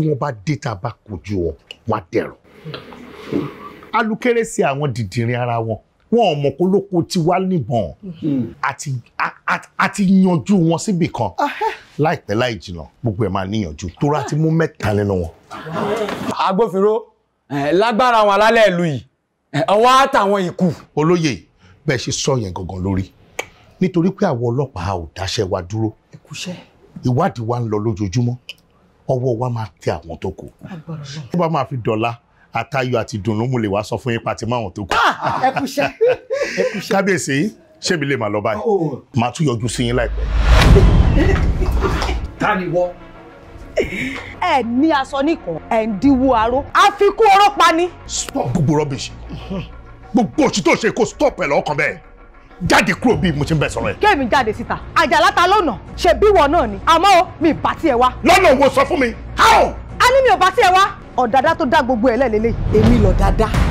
wọ́n bá dé tá a bá kojú wọn wọ́n á dẹ̀rọ̀ alukéré sí àwọn dìdìrín ara wọn wọn ò mọ̀ kó lóko tí wá níbọn àti yanjú wọn síbì kan láìpẹ́ láì jìnnà gbogbo ẹ̀ máa níyànjú torí a ti mú mẹ́ta nínú wọn. agbófinró lágbára àwọn alálẹ̀ ìlú yìí ọwọ́ àtàwọn ìkù. olóyè bẹ́ẹ̀ ṣe sọ yẹn gangan lórí nítorí pé àwọn ọlọ́pàá ò dáṣẹ́ wa dúró ìwádìí wa ń lọ lójoojúmọ́ ọwọ́ wa máa tẹ àwọn tó kù tó bá máa fi dọ̀la àtayọ̀ àti dùnnú mo lè wá sọ fún yín pa ti máa wọn tó kù. Ah, ẹkúṣẹ́ ẹkúṣẹ́ kábíyèsí ṣé mi lè máa lọ báyìí oh, oh. máa tún yọjú sí yín láìpẹ́. ta ẹ ní aṣọ nìkan ẹ ń díwó aró àfikún ọ̀rọ̀ pa ni. stop gbogbo rubbish gbogbo òṣìṣẹ́ òṣèkó stop ẹ̀ lọ́kàn bẹ́ẹ̀ jáde kúrò bí mo ṣe ń bẹ sọ̀rọ̀ ẹ̀. kémi jáde síta àjàlá ta ṣe bíwọ náà ni àmọ́ mi bá tiẹ̀ wá. lọ́nà wo sọ fún mi how. a ní mi ò bá tiẹ̀ wá ọ̀dàdá tó dá gbogbo ẹ̀ lẹ́lẹ́lẹ́ èmi lọ̀dàdá.